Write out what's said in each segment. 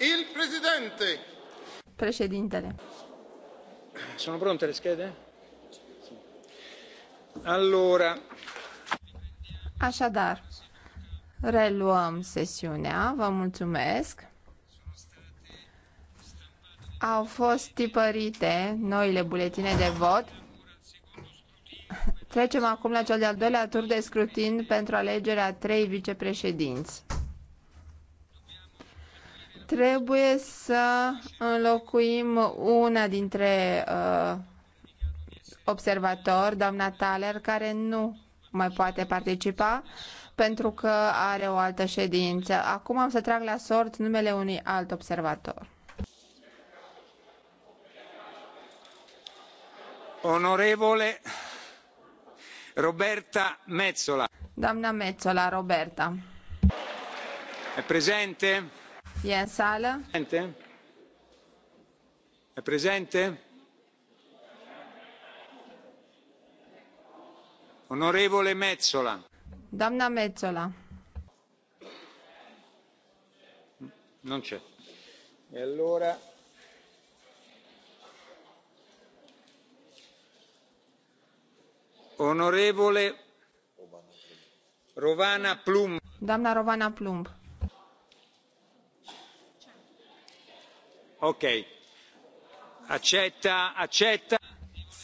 Il presidente. Președintele. Sono pronte le schede? Allora. Așadar, reluăm sesiunea. Vă mulțumesc. Au fost tipărite noile buletine de vot. Trecem acum la cel de-al doilea tur de scrutin pentru alegerea trei vicepreședinți. Trebuie să înlocuim una dintre uh, observatori, doamna Thaler, care nu mai poate participa pentru că are o altă ședință. Acum am să trag la sort numele unui alt observator. Onorevole Roberta Mezzola. Doamna Mezzola, Roberta. È presente? E în Presente? E prezente? Onorevole Metzola. Doamna Metzola. Non c'è. E allora Onorevole Rovana Plumb. Doamna Rovana Plumb. Ok. Accetta, accetta.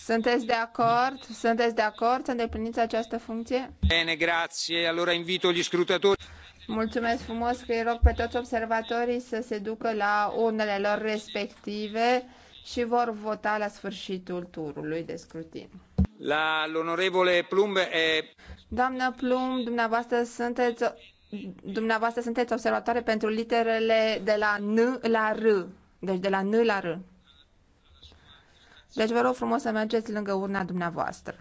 Sunteți de acord? Sunteți de acord să îndepliniți această funcție? Bene, grazie. Allora invito gli scrutatori. Mulțumesc frumos că îi rog pe toți observatorii să se ducă la urnele lor respective și vor vota la sfârșitul turului de scrutin. La l'onorevole Plumb e... Doamnă Plumb, dumneavoastră sunteți, dumneavoastră sunteți observatoare pentru literele de la N la R. Deci de la N la R. Deci vă rog frumos să mergeți lângă urna dumneavoastră.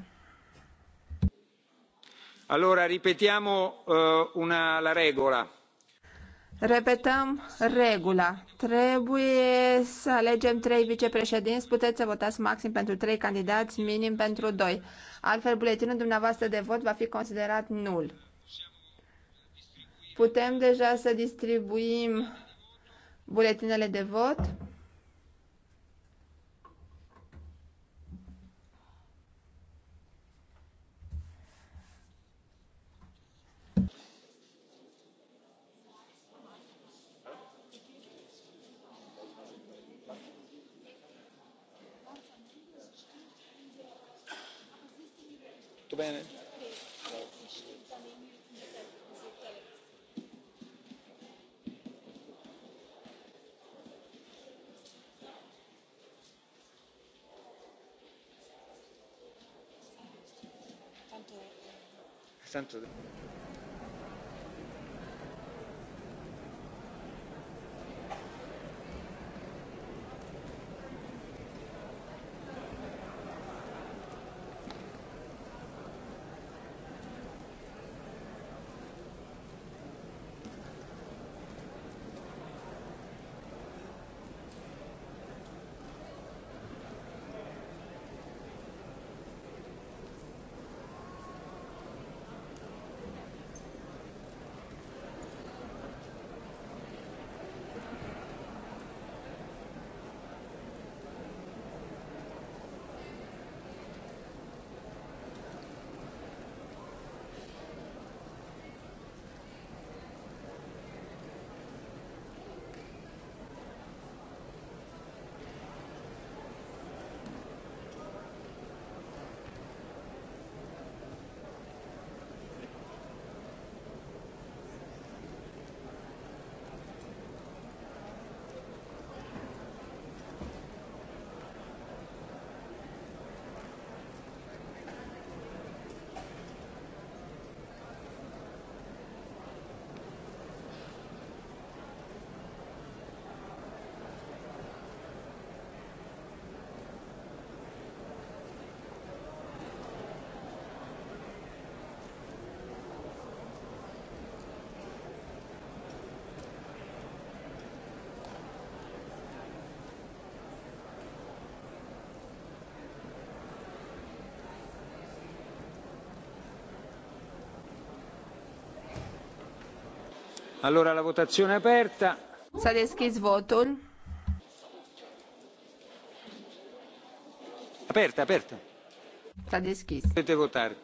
Allora, ripetiamo uh, una, la regola. Repetăm regula. Trebuie să alegem trei vicepreședinți. Puteți să votați maxim pentru trei candidați, minim pentru doi. Altfel, buletinul dumneavoastră de vot va fi considerat nul. Putem deja să distribuim buletinele de vot. centrele. Allora la votazione è aperta. S-a deschis votul. Aperta, aperta. S-a deschis. Puteți votare.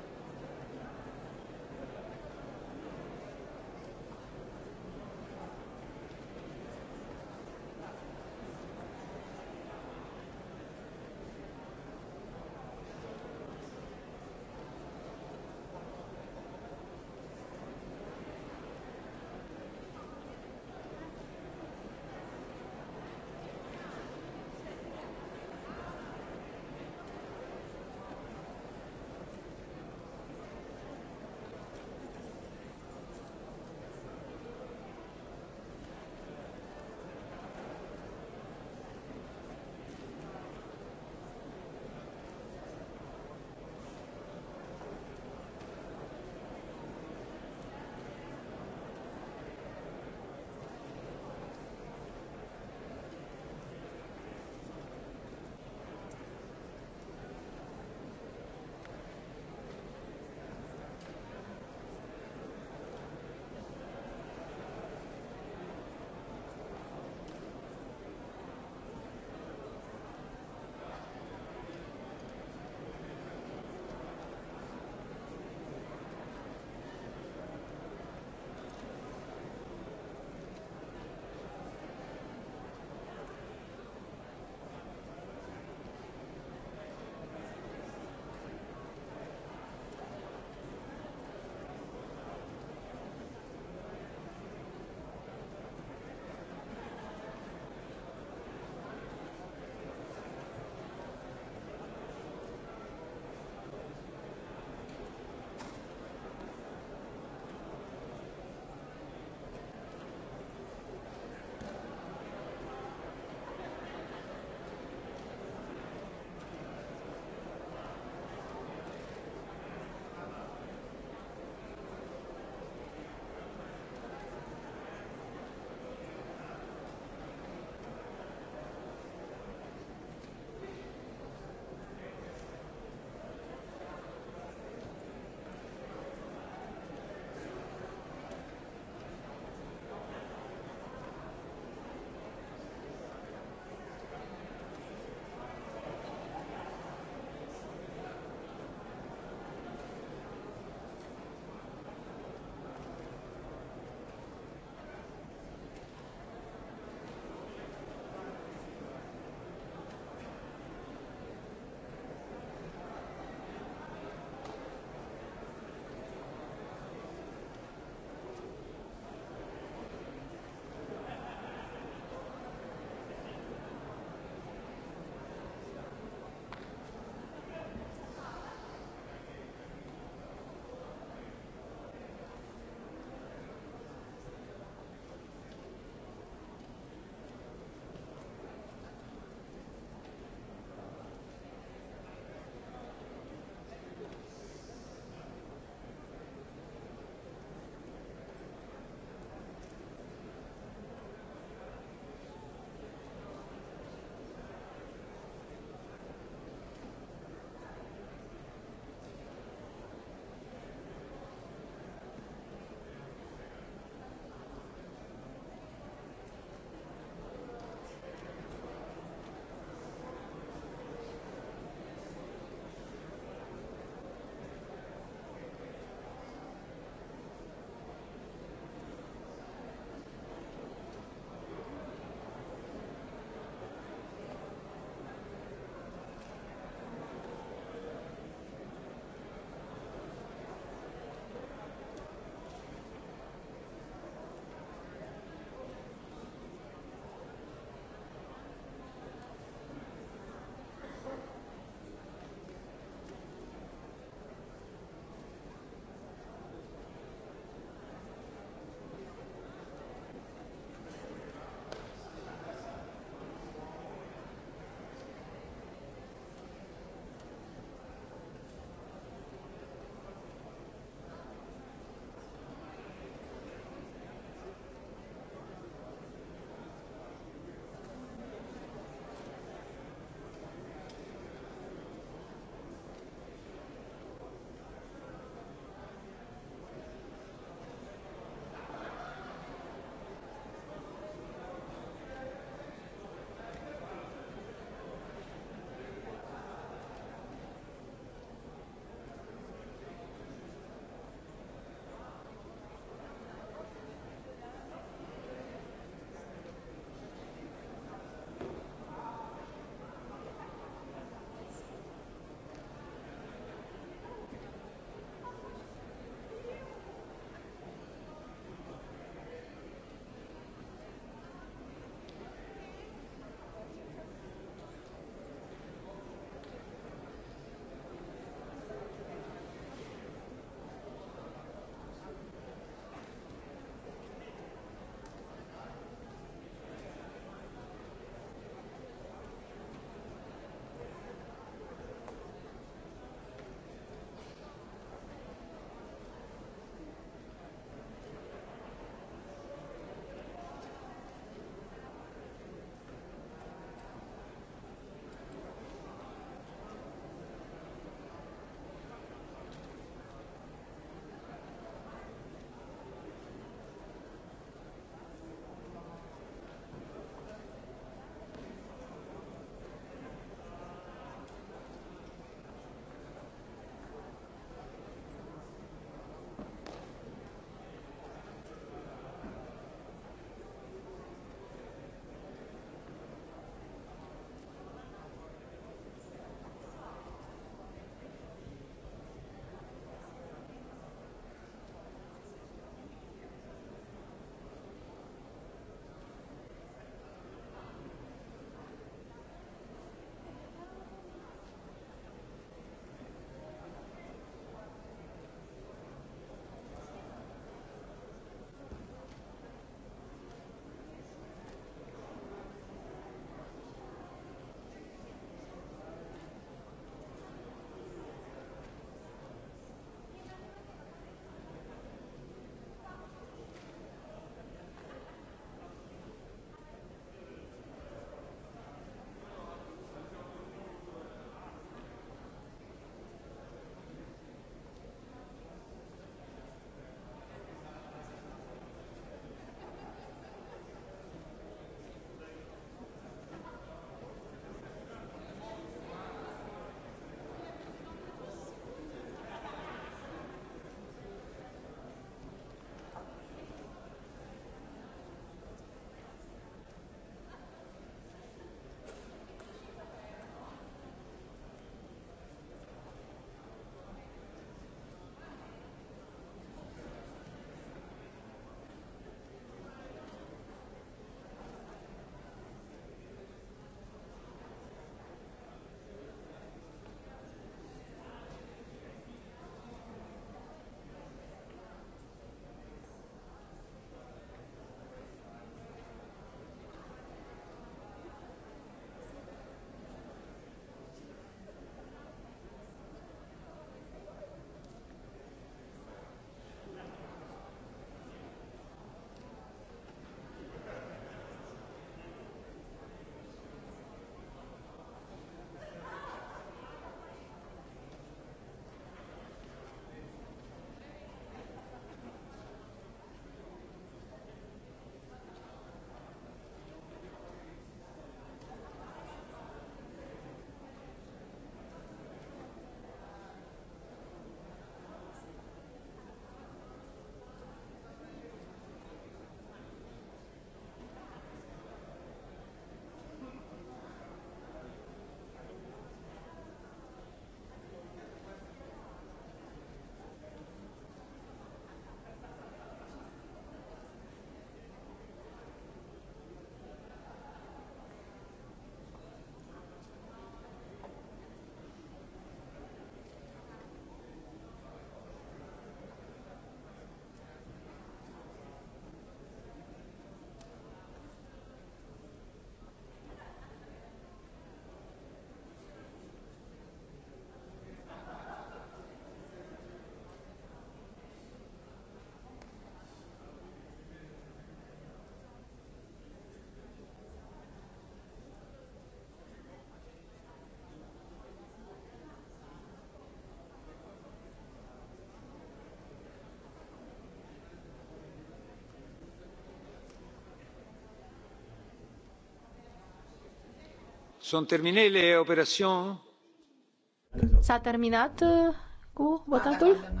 s a terminat uh, cu votatul? Ah, da, da, da,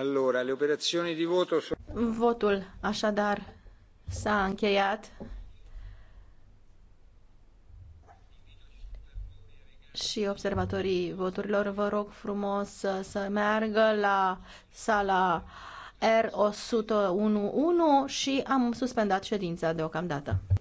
le voto Votul așadar s-a încheiat. și observatorii voturilor, vă rog frumos să, să meargă la sala R101 și am suspendat ședința deocamdată.